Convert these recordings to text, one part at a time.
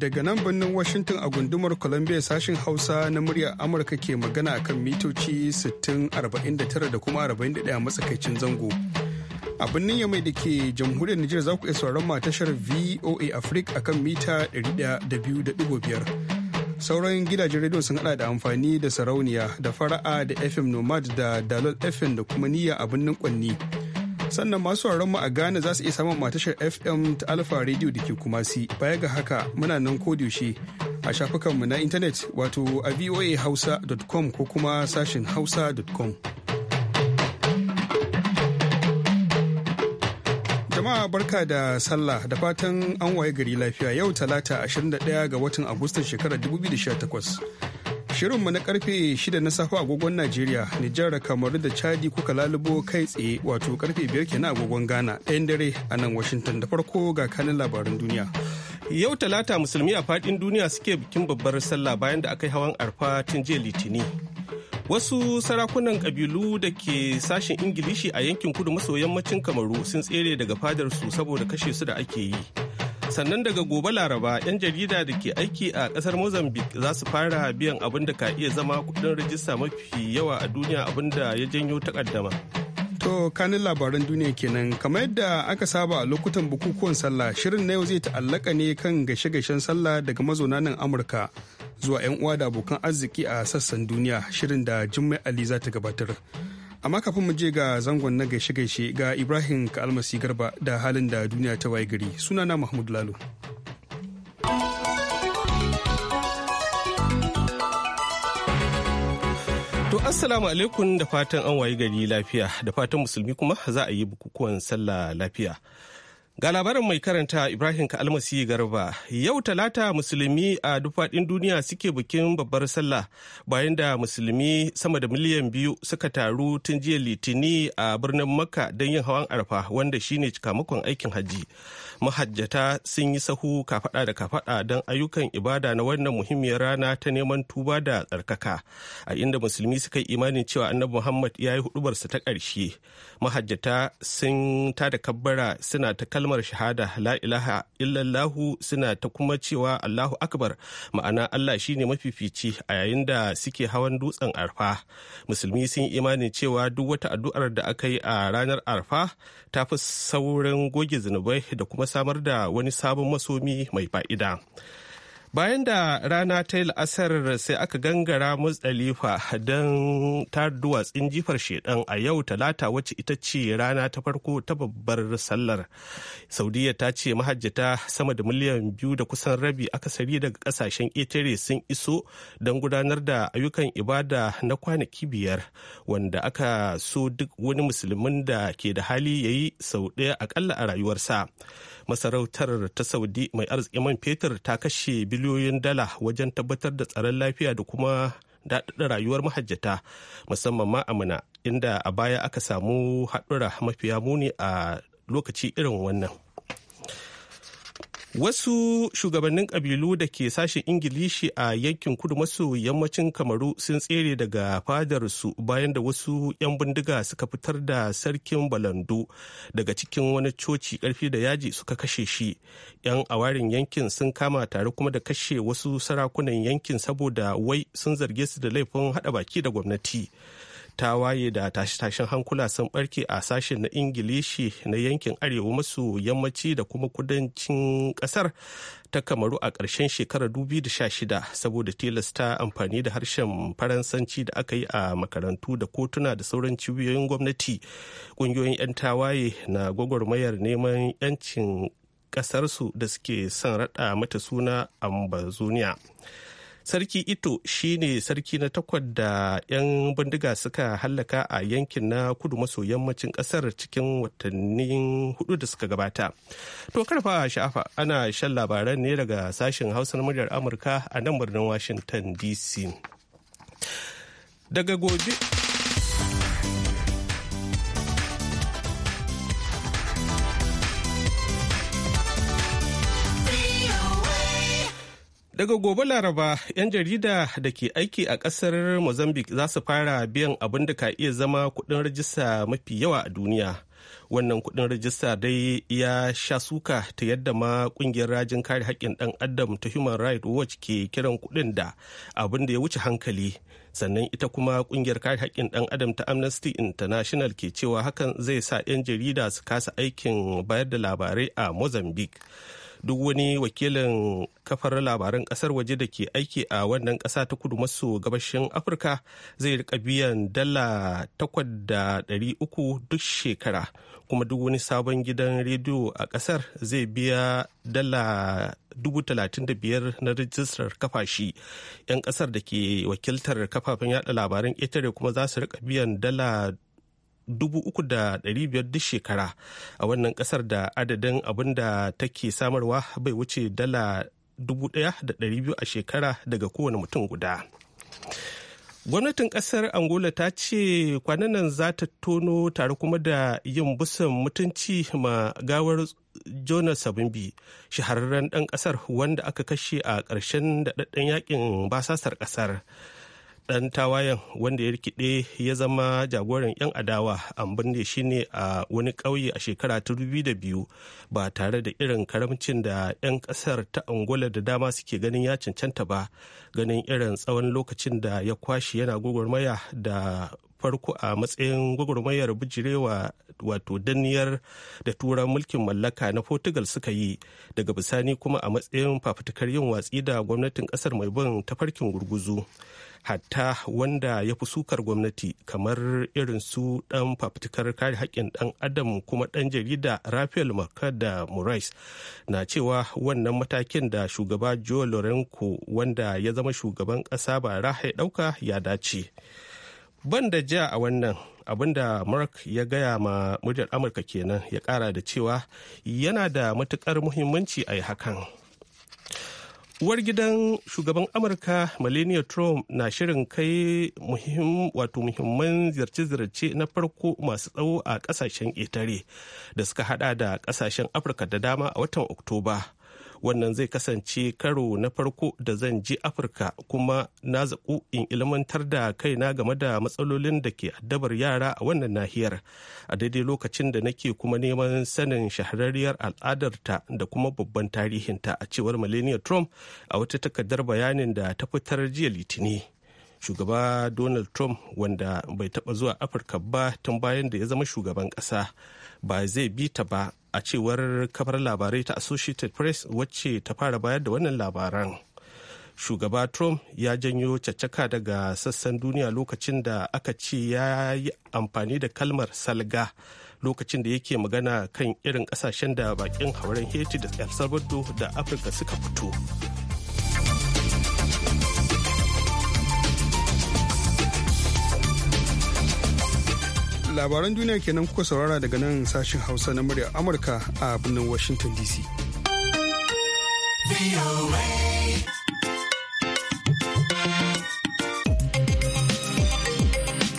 daga nan birnin Washington a gundumar Columbia sashen Hausa na muryar Amurka ke magana kan mitoci 6049 da kuma 41 a matsakaicin zango. A birnin Yamai da ke jamhuriyar Nijar za ku iya sauran tashar VOA Africa akan mita 102.5. Sauran gidajen rediyo sun hada da amfani da sarauniya da fara'a da FM Nomad da Dalol FM da kuma niyya a birnin Kwanni. sannan masu mu a Ghana za su iya samun matashar FM ta Alfa Radio da ke Kumasi. Baya ga haka muna nan kodiyoshe a shafukanmu na intanet wato a voahausa.com ko kuma sashin hausa.com. Jama'a barka da sallah da fatan an waye gari lafiya yau talata 21 ga watan Agustan shekarar 2018. Shirinmu na karfe shida na safe agogon Najeriya, Nijar, Kamaru da Chadi kuka lalubo kai tsaye wato karfe 5 kenan agogon Ghana ɗayan dare a nan Washington da farko ga kanin labaran duniya. Yau talata musulmi a faɗin duniya suke bikin babbar sallah bayan da aka yi hawan arfa tun jiya litini. Wasu sarakunan ƙabilu da ke sashen Ingilishi a yankin kudu maso yammacin Kamaru sun tsere daga fadar su saboda kashe su da ake yi. sannan daga gobe laraba 'yan jarida da ke aiki a kasar mozambique za su fara biyan abin da ka iya zama kudin rajista mafi yawa a duniya abin da ya janyo takaddama to kanin labaran duniya kenan kamar yadda aka saba a lokutan bukukuwan sallah shirin na yau zai ta'allaka ne kan gashe-gashen sallah daga mazauna nan amurka zuwa 'yan uwa da abokan arziki a sassan duniya shirin da jummai ali za ta gabatar amma kafin mu je ga zangon na gaishe-gaishe ga ibrahim kalmasi garba da halin da duniya ta waye gari sunana mahmud lalu. To assalamu alaikum da fatan an waye gari lafiya da fatan musulmi kuma za a yi bukukuwan sallah lafiya. Ga labarin mai karanta Ibrahim Kalmasi Garba, yau talata musulmi a dufaɗin duniya suke bikin babbar sallah bayan da musulmi sama da miliyan biyu suka taru tun jiya litini a birnin Makka don yin hawan arfa wanda shine cikamakon aikin hajji. mahajjata sun yi sahu kafada da kafada don ayyukan ibada na wannan muhimmiyar rana ta neman tuba da tsarkaka a inda musulmi suka yi imanin cewa annabi muhammad ya yi hudubarsa ta ƙarshe mahajjata sun ta da kabbara suna ta kalmar shahada la ilaha illallahu suna ta kuma cewa allahu akbar ma'ana allah shine mafifici a yayin da suke hawan dutsen arfa musulmi sun yi imanin cewa duk wata addu'ar da aka yi a ranar arfa ta fi saurin goge zunubai da kuma samar da wani sabon masomi mai fa'ida. bayan da rana ta yi la'asar sai aka gangara musdalifa don ta duwatsin jifar shedan a yau talata wacce ita ce rana ta farko ta babbar sallar saudiya ta ce mahajjata sama da miliyan biyu da kusan rabi akasari daga kasashen etare sun iso don gudanar da ayyukan ibada na kwanaki biyar wanda aka so duk wani musulmin da ke da hali ya yi sau ɗaya akalla a rayuwarsa masarautar ta saudi mai arziki man fetur ta kashe biliyoyin dala wajen tabbatar da tsaron lafiya da kuma daɗaɗa rayuwar mahajjata musamman ma amina inda a baya aka samu haɗura mafiya muni a lokaci irin wannan. Wasu shugabannin ƙabilu da ke sashen Ingilishi a yankin kudu maso yammacin Kamaru sun tsere daga fadarsu bayan da wasu 'yan bindiga suka fitar da sarkin Balando daga cikin wani coci ƙarfi da yaji suka kashe shi. 'Yan awarin yankin sun kama tare kuma da kashe wasu sarakunan yankin saboda wai sun zarge su da laifin haɗa baki da gwamnati. tawaye da tashe-tashen hankula sun barke a sashen na ingilishi na yankin arewa maso yammaci da kuma kudancin kasar ta kamaru a ƙarshen shekarar 2016 saboda tilasta amfani da harshen faransanci da aka yi a makarantu da kotuna da sauran cibiyoyin gwamnati ƙungiyoyin 'yan tawaye na gwagwarmayar neman 'yancin ƙasarsu da suke son raɗa mata suna ambazoniya. sarki ito shine sarki na takwas da 'yan bindiga suka hallaka a yankin na kudu maso yammacin kasar cikin watanni hudu da suka gabata to karfa sha'afa ana shan labaran ne daga sashen hausa na muryar amurka a nan birnin washington dc daga gobe Daga gobe Laraba, 'yan jarida da ke aiki a ƙasar Mozambique za su fara biyan abin da ka iya zama kuɗin rajista mafi yawa a duniya. Wannan kuɗin rajista dai ya sha suka ta yadda ma ƙungiyar rajin kare haƙƙin ɗan adam ta Human Rights Watch ke kiran kuɗin da abin da ya wuce hankali. Sannan ita kuma ƙungiyar kare haƙƙin ɗan adam ta Amnesty International ke cewa hakan zai sa 'yan jarida su kasa aikin bayar da labarai a Mozambique. duk wani wakilin kafar labaran kasar waje da ke aiki a wannan kasa ta kudu maso gabashin afirka zai rika biyan dala da dari uku duk shekara kuma duk wani sabon gidan rediyo a kasar zai biya dala dubu talatin da biyar na rijistar kafashi yan kasar da ke wakiltar kafafen yada labaran ƙetare kuma za su rika biyan dala 3,500 duk shekara a wannan kasar da adadin abin da take samarwa bai wuce dala 1,200 a shekara daga kowane mutum guda. gwamnatin kasar angola ta ce kwanan nan za ta tono tare kuma da yin busan mutunci ma gawar jonas sabimbi shahararren ɗan ƙasar wanda aka kashe a ƙarshen daɗaɗɗen yakin basasar ƙasar. ɗan tawayen wanda ya rikide ya zama jagoran 'yan adawa an binne shi ne a wani ƙauye a shekara ta biyu ba tare da irin karamcin da 'yan ƙasar ta angola da dama suke ganin ya cancanta ba ganin irin tsawon lokacin da ya kwashi yana gugurmaya da farko a matsayin gwagwarmayar bijirewa wato danniyar da turan mulkin mallaka na portugal suka yi daga bisani kuma a matsayin fafutukar yin watsi da gwamnatin kasar mai bin tafarkin gurguzu hatta wanda ya fi sukar gwamnati kamar irin su dan fafutukar kare haƙƙin dan adam kuma dan jarida rafael da morais na cewa wannan matakin da shugaba joe lorenco wanda ya zama shugaban ƙasa bara ya dauka ya dace. ban da ja a wannan abin da mark ya gaya ma muryar amurka kenan ya kara da cewa yana da matukar muhimmanci a yi hakan uwar gidan shugaban amurka melania trump na shirin kai muhim, wato muhimman ziyarce-ziyarce na farko masu tsawo a kasashen ƙetare da suka hada da kasashen afirka da dama a watan oktoba wannan zai kasance karo na farko da zan je afirka kuma na zaku in ilmantar da kaina game da matsalolin da ke addabar yara a wannan nahiyar a daidai lokacin da nake kuma neman sanin shahararriyar al'adarta da kuma babban tarihinta a cewar millenia trump a wata takardar bayanin da ta fitar jiya litini shugaba donald trump wanda bai taba zuwa afirka ba tun bayan da ya zama shugaban kasa ba zai bi ta ba a cewar kafar labarai ta associated press wacce ta fara bayar da wannan labaran shugaba trump ya janyo caccaka daga sassan duniya lokacin da aka ce ya yi amfani da kalmar salga lokacin da yake magana kan irin kasashen da bakin hauren haiti da el salvador da afirka suka fito labaran duniya kenan kuka saurara daga nan sashen hausa na murya amurka a birnin washington dc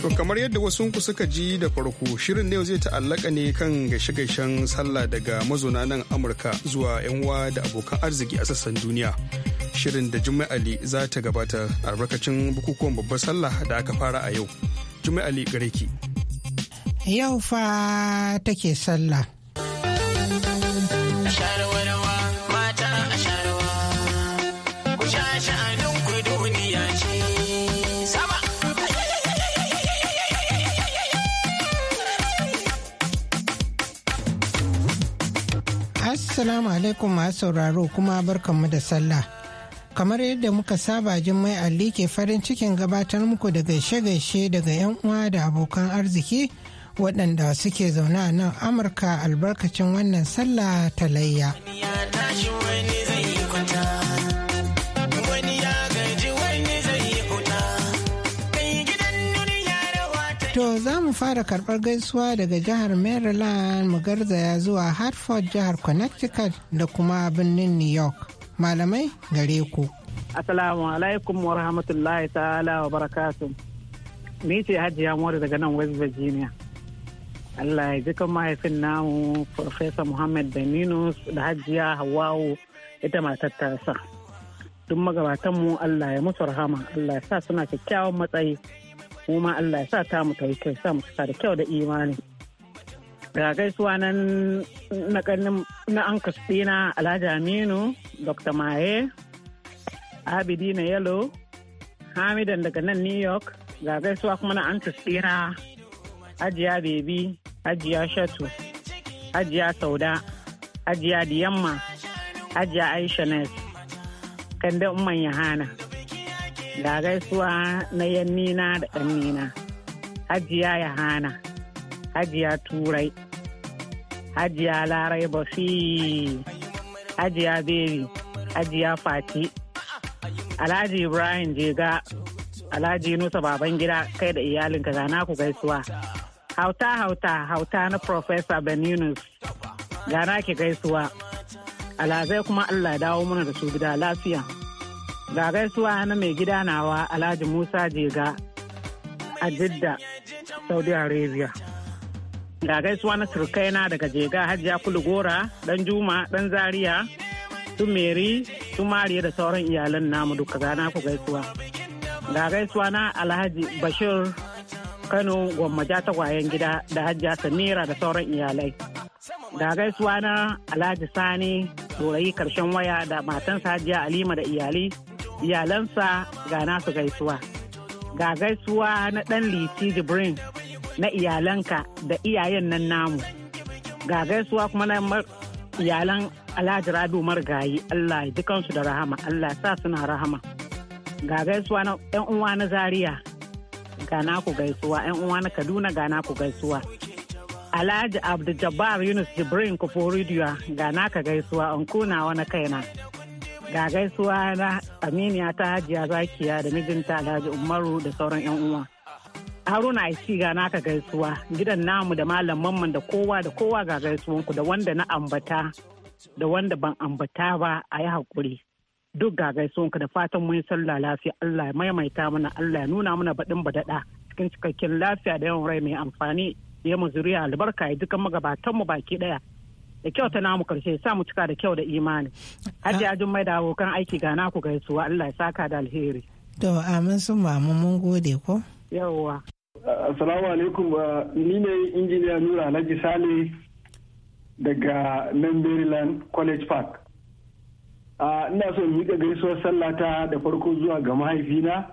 To kamar yadda wasu ku suka ji da farko shirin na yau zai ta'allaka ne kan gaishe-gaishen sallah daga mazauna nan Amurka zuwa 'yan uwa da abokan arziki a sassan duniya. Shirin da Jummai Ali za ta gabata albarkacin bukukuwan babbar sallah da aka fara a yau. Jummai Ali gare ki. yau fa take sallah. Assalamu alaikum masu sauraro kuma barkanmu da sallah. Kamar yadda muka saba Jummai alli ke farin cikin gabatar muku da gaishe-gaishe daga 'yan uwa da abokan arziki waɗanda suke zauna a nan amurka albarkacin wannan sallah ta layya. To za mu fara karɓar gaisuwa daga jihar Maryland mu garzaya zuwa Hartford jihar Connecticut da kuma birnin New York. Malamai gare ku. Assalamu alaikum wa rahmatullahi ta'ala wa barakatun Ni ce Hajiya more daga nan West Virginia. Allah ya ji kan mahaifin namu Profesa Muhammad Beninus da Hajiya Hawawu ita ma tattasa. Duk magabatanmu Allah ya musu rahama, Allah ya sa suna kyakkyawan matsayi, mu ma Allah ya sa ta mu yi kyau, sa mu da kyau da imani. Ga gaisuwa nan na na an ɗina Alhaji Aminu, Dr. Maye, Abidina Yalo, Hamidan daga nan New York, ga gaisuwa kuma na an ɗina Hajiya Bebi Ajiya shatu ajiya sauda ajiya diyamma ajiya aisha nes kanda umman yahana da gaisuwa na yannina da ɗannina ajiya yahana ajiya turai ajiya larai bafi ajiya bebi ajiya fati alhaji ibrahim jega alhaji nusa baban gida kai da iyalinka gana ku gaisuwa Hauta hauta hauta na Professor Ben Yunus. Gana ki gaisuwa. Alhazai kuma Allah dawo mana da su gida lafiya. Ga gaisuwa na mai gida nawa Alhaji Musa Jega a Jidda, Saudi Arabia. Ga gaisuwa na turkaina daga Jega Hajiya Kulugora, Dan Juma, Dan Zaria, su Meri, su Mariya da sauran iyalan namu duka gana ku gaisuwa. Ga gaisuwa na Alhaji Bashir Kano gwammaja tagwayen gida da hajja Samira da sauran iyalai. Da gaisuwa na Alhaji Sani dorayi karshen waya da matansa hajjiya Alima da iyali, iyalansa ga nasu gaisuwa. Ga gaisuwa na ɗan Liti Jibrin na iyalanka da iyayen nan namu. Ga gaisuwa kuma na iyalan Alhaji Radu Margayi Allah ya ji kansu da rahama, Allah ya sa suna rahama. Ga gaisuwa na 'yan uwa na Zaria. ga naku gaisuwa yan uwa na Kaduna ga naku gaisuwa Alhaji Abdul Jabbar Yunus Jibrin Kuforidiya ga naka gaisuwa an kuna na kaina ga gaisuwa na Aminiya ta Hajiya Zakiya da mijinta Alhaji Umaru da sauran yan uwa Haruna aiki ga naka gaisuwa gidan namu da malamanmu da kowa da kowa ga gaisuwanku da wanda na ambata da wanda ban ambata ba a yi hakuri. duk ga gaisuwanka da fatan mun sallah lafiya Allah ya maimaita mana Allah ya nuna mana baɗin badaɗa cikin cikakken lafiya da yawan rai mai amfani ya mu zuriya albarka ya dukan magabatan mu baki ɗaya da kyau ta namu karshe sa mu cika da kyau da imani hajji ajin ah. mai da abokan aiki ga naku gaisuwa Allah ya saka da alheri to amin sun mu mun gode ko yawwa assalamu alaikum ni ne injiniya Nura Alhaji Sale daga nan Maryland College Park ina so in miƙa gaisuwar sallata da farko zuwa ga mahaifina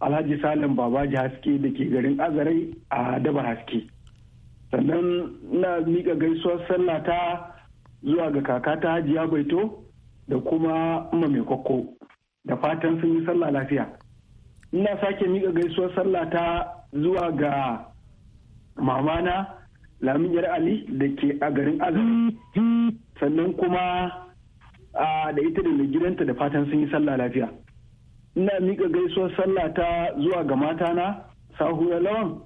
alhaji salim babaji haske da ke garin azarai a daba haske sannan ina miƙa gaisuwar sallata zuwa ga kakata hajiya baito da kuma umma mai kwakko da fatan sun yi sallah lafiya ina sake miƙa gaisuwar sallata zuwa ga mamana lamiyar ali da ke a garin azumi sannan kuma da ita da mai gidanta da fatan sun yi sallah lafiya ina mika gaisuwar sallah ta zuwa ga matana da lawan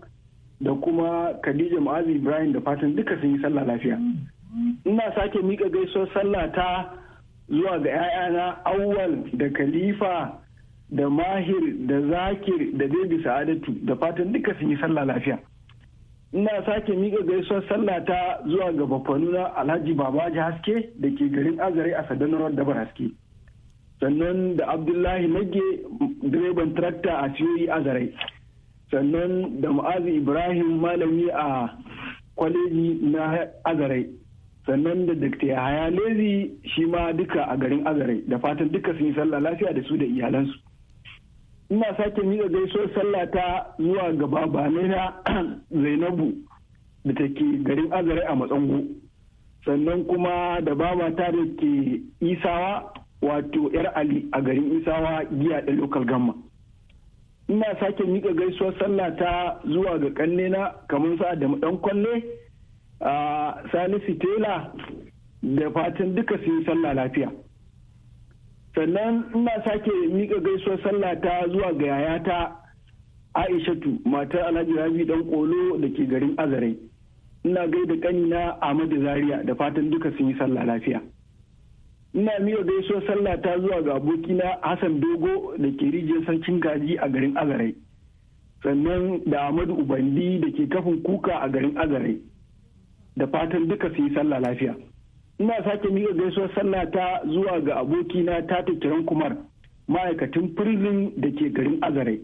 da kuma khadija mu'azu ibrahim da fatan duka sun yi sallah lafiya ina sake mika gaisuwar sallah ta zuwa ga 'ya'yana awwal da khalifa da mahir da zakir da bebi sa'adatu da fatan duka sun yi sallah lafiya ina sake miƙa gaisuwar sallah ta zuwa ga bafanuna alhaji babaji haske da ke garin azare a sadanarwar dabar haske sannan da abdullahi nage direban tarakta a siyoyi azare sannan da ma'azi ibrahim malami a kwaleji na azare sannan da dr yahaya lezi shi ma duka a garin azare da fatan duka sun yi sallah lafiya da su da iyalansu ina sake miƙa gaisuwar sallah ta zuwa ga babane na zainabu da take garin azare a matsango sannan kuma da babata da ke isawa wato yar ali a garin isawa giya da local gamma ina sake miƙa gaisuwar sallah ta zuwa ga kanne na kamar sa da dan kwalle a salisu tela da fatan duka sun sallah lafiya sannan ina sake miƙa gaisuwar sallah ta zuwa ga yayata aishatu matar alhaji rabi dan kolo da ke garin azare ina gaida kanina amadu zaria da fatan duka sun yi sallah lafiya ina miƙa gaisuwar sallah ta zuwa ga abokina hassan dogo da ke rijiyar sarkin gaji a garin azare sannan da ahmadu ubandi da ke kafin kuka a garin azare da fatan duka sun yi sallah lafiya ina sake miƙa gaisuwar sallah ta zuwa ga abokina ta kiran kumar ma'aikatan firizin da ke garin azare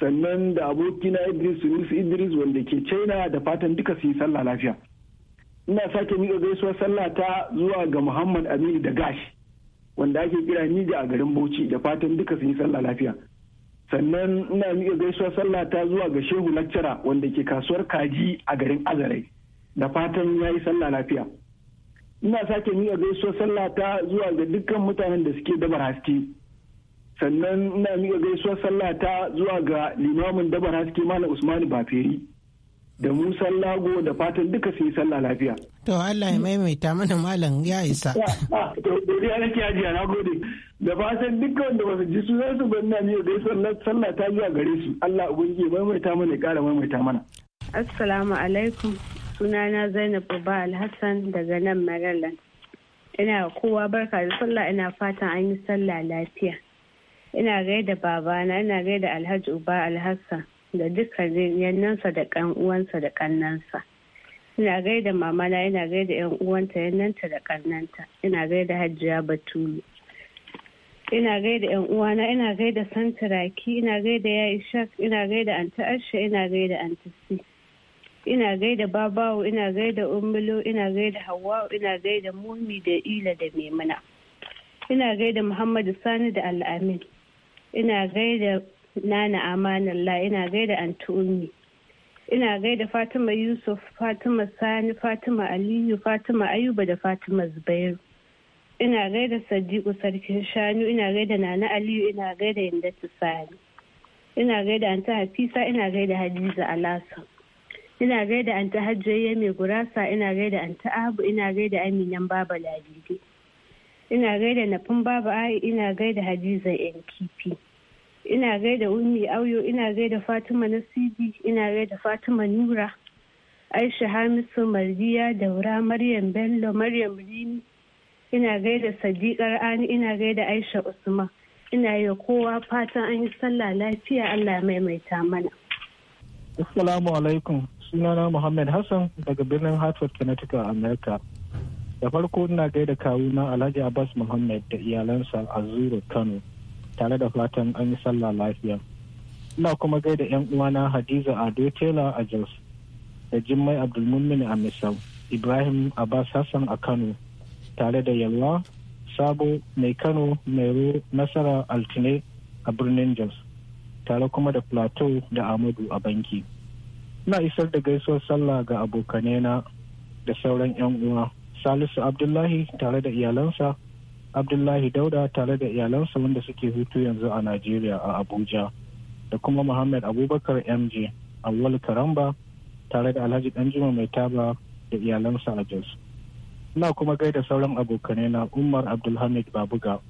sannan da abokina idris sunusi idris wanda ke china da fatan duka su yi sallah lafiya ina sake miƙa gaisuwar sallah ta zuwa ga muhammad aminu da gash wanda ake kira nija a garin bauchi da fatan duka su yi sallah lafiya sannan ina miƙa gaisuwar sallah ta zuwa ga shehu lakcara wanda ke kasuwar kaji a garin azare da fatan ya yi sallah lafiya ina sake miƙa gaisuwar sallah ta zuwa ga dukkan mutanen da suke dabar haske sannan ina miƙa gaisuwar sallah ta zuwa ga limamin dabar haske malam usmani baferi da musa lago da fatan duka su yi sallah lafiya to allah ya maimaita mana malam ya isa ah, ah, to doriya nake ajiya na gode da fatan duka wanda ba su ji su zai su ba ina miƙa gaisuwar sallah ta zuwa gare su allah ubangiji ya maimaita mana ya ƙara maimaita mana assalamu alaikum sunana zainab ba alhassan daga nan maryland ina kowa barka da sallah ina fatan an yi sallah lafiya ina gaida babana ina gaida alhaji uba alhassan da dukkanin yannansa da kan uwansa da kannansa ina gaida mamana ina gaida yan uwanta yannanta da kannanta ina gaida hajjiya batulu ina gaida yan uwana ina gaida santaraki ina gaida ya ishak ina gaida anta asha ina gaida anta si ina gaida babawo ina gaida umulo ina gaida hawa ina gaida mumi da ila da maimuna ina gaida muhammadu sani da al'amin ina gaida nana amanallah ina gaida anti ummi ina gaida fatima yusuf fatima sani fatima aliyu fatima ayuba da fatima zubairu ina gaida sadiku sarkin shanu ina gaida nana aliyu ina gaida yanda sani ina gaida anta hafisa ina gaida hadiza alasan. ina gaida an ta mai gurasa ina gaida an ta abu ina gaida aminyan baba ladidi ina gaida nafin baba ai ina gaida hadiza yan kifi ina gaida ummi auyo ina gaida fatima nasibi ina gaida fatima nura aisha hamisu mardiya daura maryam bello maryam rini ina gaida sadiqar ani ina gaida aisha usman ina yi kowa fatan an yi sallah lafiya allah maimaita mana assalamu alaikum sunana Muhammad Hassan daga birnin Hartford, Connecticut, America. Da farko ina gaida kawuna Alhaji Abbas Muhammad da iyalansa a Zuru, Kano, tare da fatan an yi sallah lafiya. Ina kuma gaida 'yan uwana Hadiza Ado Tela a Jos, da Jimmai Abdulmumin a Misal, Ibrahim Abbas Hassan a Kano, tare da Yalwa, Sabo, Mai Kano, Mairo, Nasara Altine a birnin Jos, tare kuma da Plateau da Amadu a banki. na isar da gaisuwar sallah ga abokanena da sauran 'yan uwa salisu abdullahi tare da iyalansa abdullahi dauda tare da iyalansa wanda suke hutu yanzu a najeriya a abuja da kuma muhammad abubakar mj awal karamba tare da alhaji danjuma mai taba da iyalansa a jos ina kuma gaida sauran abokanena umar abdulhamid babuga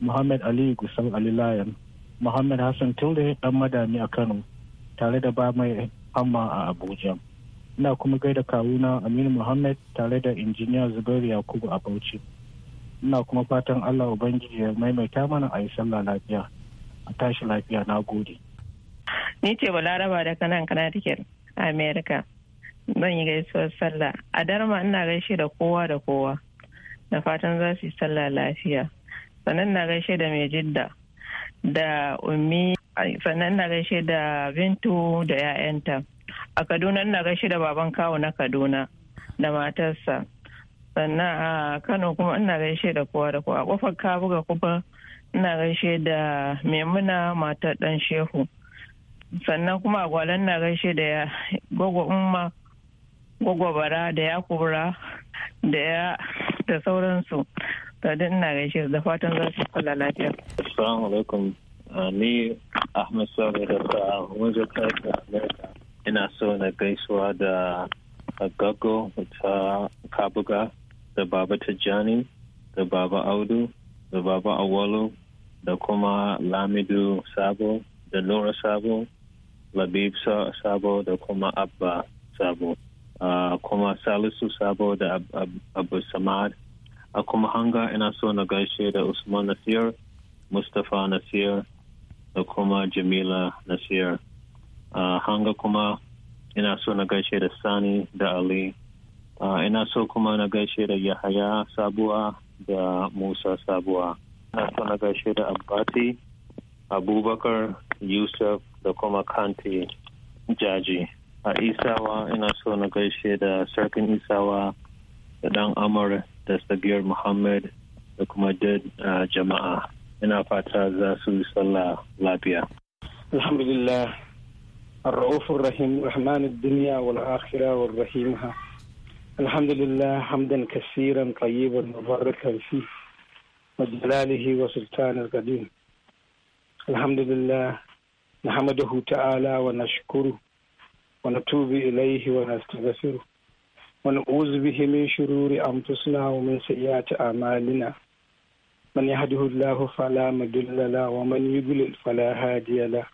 muhammad ali gusau ali muhammad hassan tilde ɗan madami a kano tare da ba mai musamman a abuja ina kuma gaida kawuna aminu muhammad tare da injiniya zubairu yakubu a bauchi ina kuma fatan allah ubangiji ya maimaita mana a yi sallah lafiya a tashi lafiya na gode ni ce balaraba da kanan connecticut a america zan yi gaisuwar sallah a darma ina gaishe da kowa da kowa da fatan za su yi sallah lafiya sannan na gaishe da mai jidda da ummi sannan na gaishe da bintu da 'ya'yanta a kaduna na gaishe da baban kawo na kaduna da matarsa sannan a kano kuma ina gaishe da kowa da kowa a kofar kabuga kuma ina gaishe da maimuna matar dan shehu sannan kuma a gwalan na gaishe da ya gogo umma gogo bara da ya kubura da ya da sauransu da ina gaishe da fatan za su kula lafiya assalamu alaikum ni ahmed Sani da sa'a wajen da america ina so na gaisuwa da gago ta kabuga da baba jani da baba audu da baba awolo da kuma lamidu sabo da nora sabo labib sabo da kuma abba sabo ah, kuma salisu sabo da abu samad a kuma hanga ina so na gaishe da usman nasir mustapha nasir da kuma jamila nasir uh, hanga kuma ina so na gaishe da sani da ali uh, ina so kuma na gaishe da yahaya sabuwa da musa sabuwa ina so na gaishe da abbati abubakar yusuf da kuma kanti jaji a isawa ina so na gaishe da sarkin isawa da dan amur da sabiyar muhammad da kuma uh, jama'a ina fata za su yi sallah lafiya. Alhamdulillah, Ar-Ra'ufur Rahim, Rahmanin Duniya, Wal'akhira, Wal'rahim, ha. Alhamdulillah, hamdan kasiran tayyibar mubarakan fi, majalalihi wa sultanar gadin. Alhamdulillah, na hamadahu ta'ala wa na shukuru, wa na tubi ilaihi wa na wani uzu bihi min shururi amfusna wa min sayyati amalina. من يهده الله فلا مضل له ومن يضلل فلا هادي له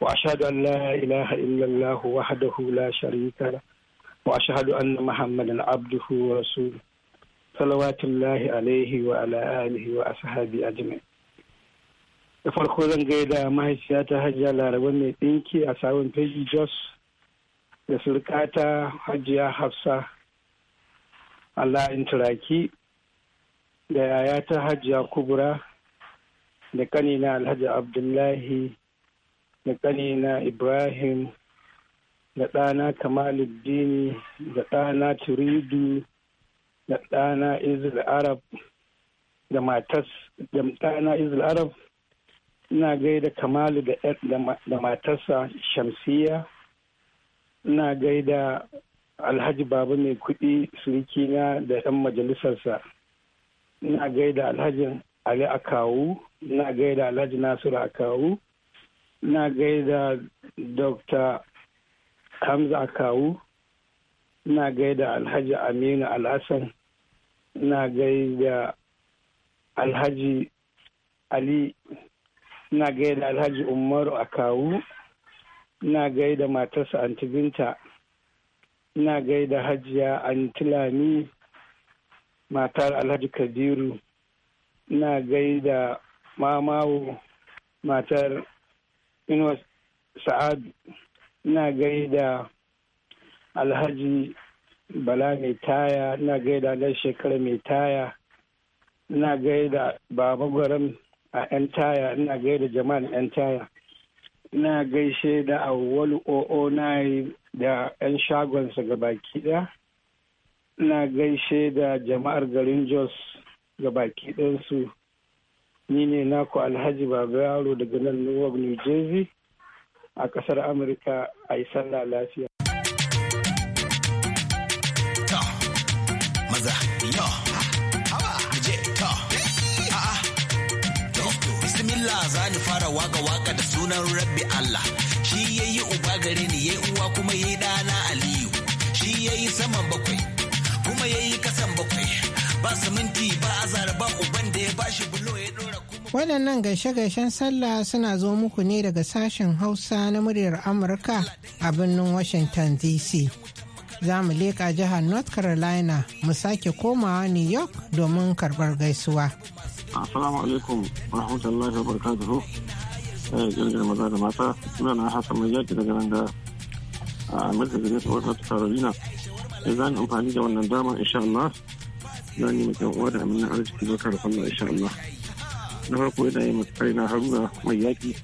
وأشهد أن لا إله إلا الله وحده لا شريك له وأشهد أن محمدا عبده ورسوله صلوات الله عليه وعلى آله وأصحابه أجمعين da farko zan gaida mahaifiyata hajiya laraba mai ɗinki a sabon feji jos da surkata hajiya hafsa allah in turaki da yaya ta hajiya kubura da kanina alhaji abdullahi da kanina ibrahim da ɗana kamaluddini da ɗana turidu da ɗana izil arab da matas da ɗana izil arab ina gaida kamalu da matasa shamsiya ina gaida alhaji baba mai kuɗi surikina da 'yan majalisarsa Na gaida alhaji ali akawu Na gaida alhaji nasiru akawu Na gaida dr hamza akawu Na gaida alhaji aminu alhassan Na gaida alhaji ali Na gaida alhaji umaru akawu Na gaida matarsa antibinta Na gaida hajiya antilani. matar alhaji kabiru ina gaida mamawo matar inuwa sa'ad ina gaida alhaji bala mai taya ina gaida dan shekara mai taya ina gaida baba gwaram a 'yan taya na gaida jama'an 'yan taya ina gaishe da awwalu o'o na yi da 'yan shagonsa ga baki ɗaya na gaishe da jama'ar garin jos ga baki ɗansu ni ne naku alhaji babu yaro daga nan newark new jersey a ƙasar amurka a yi sallah lafiya za fara waka da sunan rabbi Allah shi yayi uba gare ni yayi uwa kuma yayi dana aliyu shi yayi sama ba ya yi kasan bakwai ba ba ba uban da ya bashi bulo ya dora kuma. waɗannan gaishe-gaishen sallah suna zo muku ne daga sashen hausa na muryar amurka a birnin washington dc za mu leƙa jihar north carolina mu sake komawa new york domin karɓar gaisuwa assalamu alaikum wa rahmatullahi wa barakatuhu eh, jirgin maza da mata suna na hasa mai yaki daga nan da a amurka da su wasu carolina da zan amfani da wannan dama insha Allah na nemi ɗan uwa da amina arziki barka da sallah insha Allah na farko ina yi mutane na haruna mai yaƙi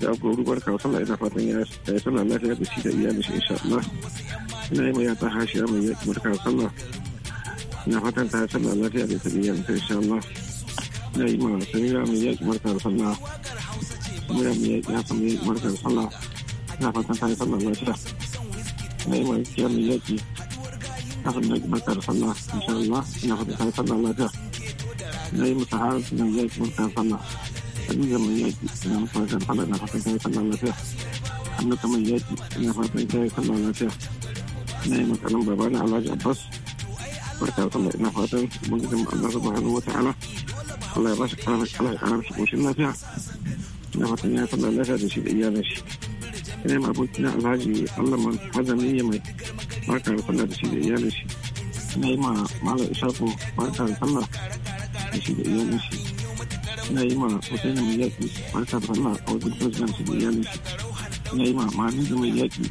da abu rubar kawo sallah ina fatan ya yi sallah lafiya da shi da iyalin shi insha Allah ina yi mai yata hashiya mai yaƙi barka da sallah ina fatan ta yi sallah lafiya da ta da iyalin ta insha Allah ina yi mai sarira mai yaƙi barka da sallah mura mai yaƙi hasan mai yaƙi barka da sallah ina fatan ta yi sallah lafiya ina yi mai yaƙi mai yaƙi ناخذ مسألة الله إن شاء الله ناخذ مسألة الله ده زي متعارف من جاي مسألة الله المهم من جاي مسألة الله ناخذ مسألة الله ده أنك من جاي ناخذ مسألة الله ده زي مثلا بابانا علاج عباس بركة الله إنا خاطر ممكن الله سبحانه وتعالى الله يرشق الله يعرف شو النافع ناخذ مسألة الله ده شيء إياه شيء ne ma abokina alhaji allah man hazami ya mai barka da sallah da shi da iyalin shi na yi ma malam ishaku barka da sallah da shi da iyalin shi na yi ma hussein mai yaƙi barka da sallah a wajen president shi da iyalin shi na yi ma mamin mai yaƙi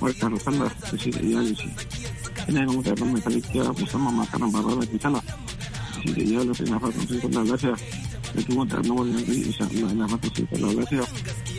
barka da sallah da shi da iyalin shi ina yin mutane mai kalikiya musamman makaran babar mai kitala shi da iyalin shi na fatan sun sallah lafiya da duk wanda annabar yanzu insha Allah ina fatan sun sallah lafiya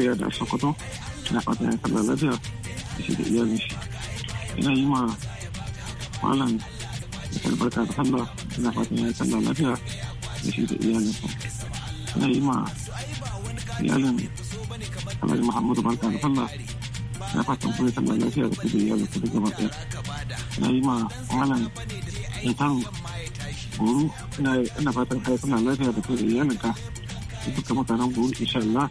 iya da sokoto ina fata ya kalla lafiya da shi da iyalin shi ina yi ma malam albarka da sallah ina fata ya kalla lafiya da shi da iyalin shi ina yi ma iyalin alhaji muhammadu barka da sallah ina fatan kuma sallah lafiya da kuma iyalin su duk gaba ɗaya ina yi ma malam ya taru guru ina fatan kai suna lafiya da kuma iyalinka duk kamar guru insha Allah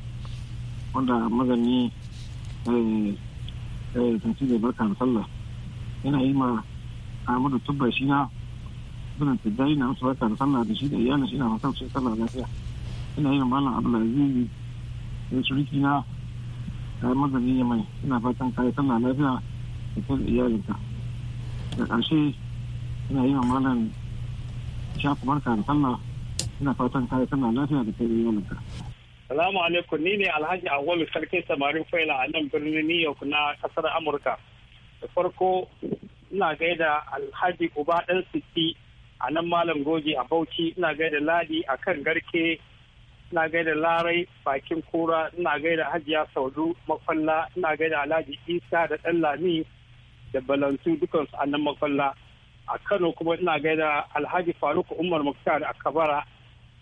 wanda magani sanci eh, eh, da barka da sallah yana yi ma amadu tubba shi na suna tijjani na musu barka da sallah da shi da iyalin shi na masan su sallah lafiya yana yi ma malam abdulaziz da eh, suriki na magani ya mai suna fatan kayan sallah lafiya da kai da iyalinka da ƙarshe yana yi ma malam shafi barka da sallah suna fatan kayan sallah lafiya da kai da iyalinka Salamu alaikum ni ne Alhaji Awolu sarkin samarin faila a nan birnin New York na kasar Amurka. Da farko ina gaida Alhaji Uba ɗan Siti a nan Malam Goji a Bauchi ina gaida Ladi a kan garke ina gaida Larai bakin kura ina gaida Hajiya Saudu makwalla ina gaida Alhaji Isa da ɗan Lami da Balantu dukansu a nan makwalla. A Kano kuma ina gaida Alhaji Faruku Umar Muktar a Kabara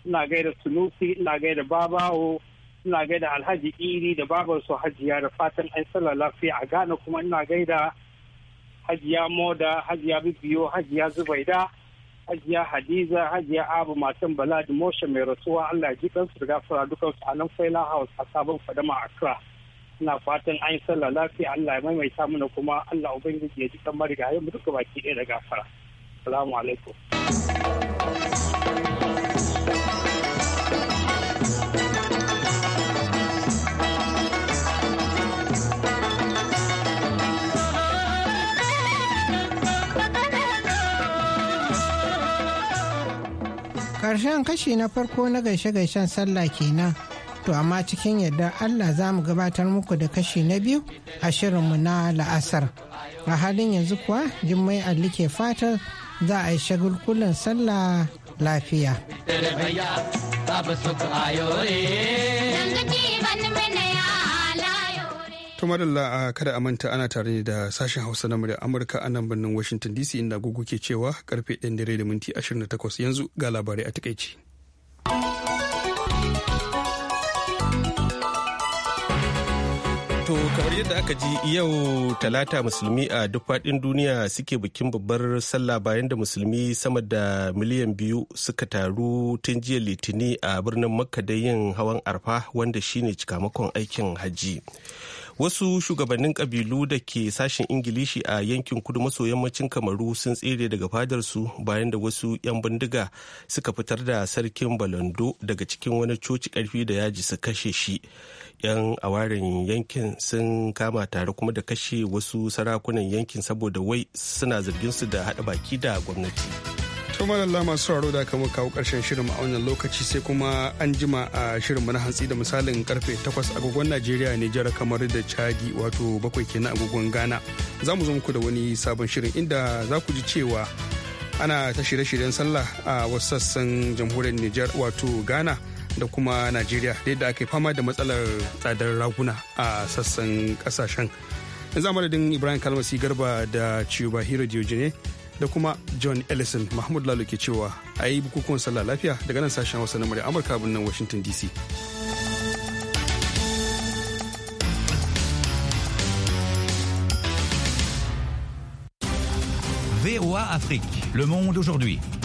ina gaida sunusi ina gaida babawo ina gaida alhaji iri da babarsu hajiya da fatan an sallah lafiya a gane kuma ina gaida hajiya moda hajiya bibiyo hajiya zubaida hajiya hadiza hajiya abu matan bala da moshe mai rasuwa allah ji kansu da gafara su a nan faila house a sabon fadama accra ina fatan an lafiya allah ya maimaita mana kuma allah ubangiji ya ji kan marigayen mu duka baki ɗaya da gafara salamu alaikum Karshen kashi na farko na gaishe-gaishen sallah kenan to amma cikin yadda allah za mu gabatar muku da kashi na biyu a shirinmu na la'asar a halin yanzu kuwa jimmai alli ke fata za a yi shagulkulan sallah lafiya. madalla a kada a manta ana tare da sashen hausa na murya amurka a nan birnin washington dc inda gugu ke cewa karfe 1 dare da minti 28 yanzu ga labarai a takaici to kamar yadda aka ji yau talata musulmi a duk faɗin duniya suke bikin babbar sallah bayan da musulmi sama da miliyan biyu suka taru tun jiya litini a birnin makka da yin hawan arfa wanda shine cikamakon aikin hajji wasu shugabannin kabilu da ke sashen ingilishi a yankin kudu maso yammacin kamaru sun tsere daga fadarsu bayan da wasu 'yan bindiga suka fitar da sarkin balando daga cikin wani coci karfi da yaji su kashe shi 'yan awarin yankin sun kama tare kuma da kashe wasu sarakunan yankin saboda wai suna zargin su da haɗa baki da gwamnati. Tumar Allah masu sauraro da kama kawo karshen shirin a wannan lokaci sai kuma an jima a shirin na hantsi da misalin karfe 8 agogon Najeriya Nijar kamar da Chadi wato bakwai kenan agogon Ghana. Za mu zo muku da wani sabon shirin inda za ku ji cewa ana ta shirye-shiryen sallah a wasu sassan jamhuriyar Nijar wato Ghana da kuma Najeriya da yadda aka fama da matsalar tsadar raguna a sassan kasashen. Yanzu a madadin Ibrahim Kalmasi Garba da Ciuba Hiro Diogene da kuma John Ellison Mahmud Lalo ke cewa a yi bukukuwan sallah lafiya daga nan sashen Hausa na murya Amurka Washington DC. VOA Afrique, le monde aujourd'hui.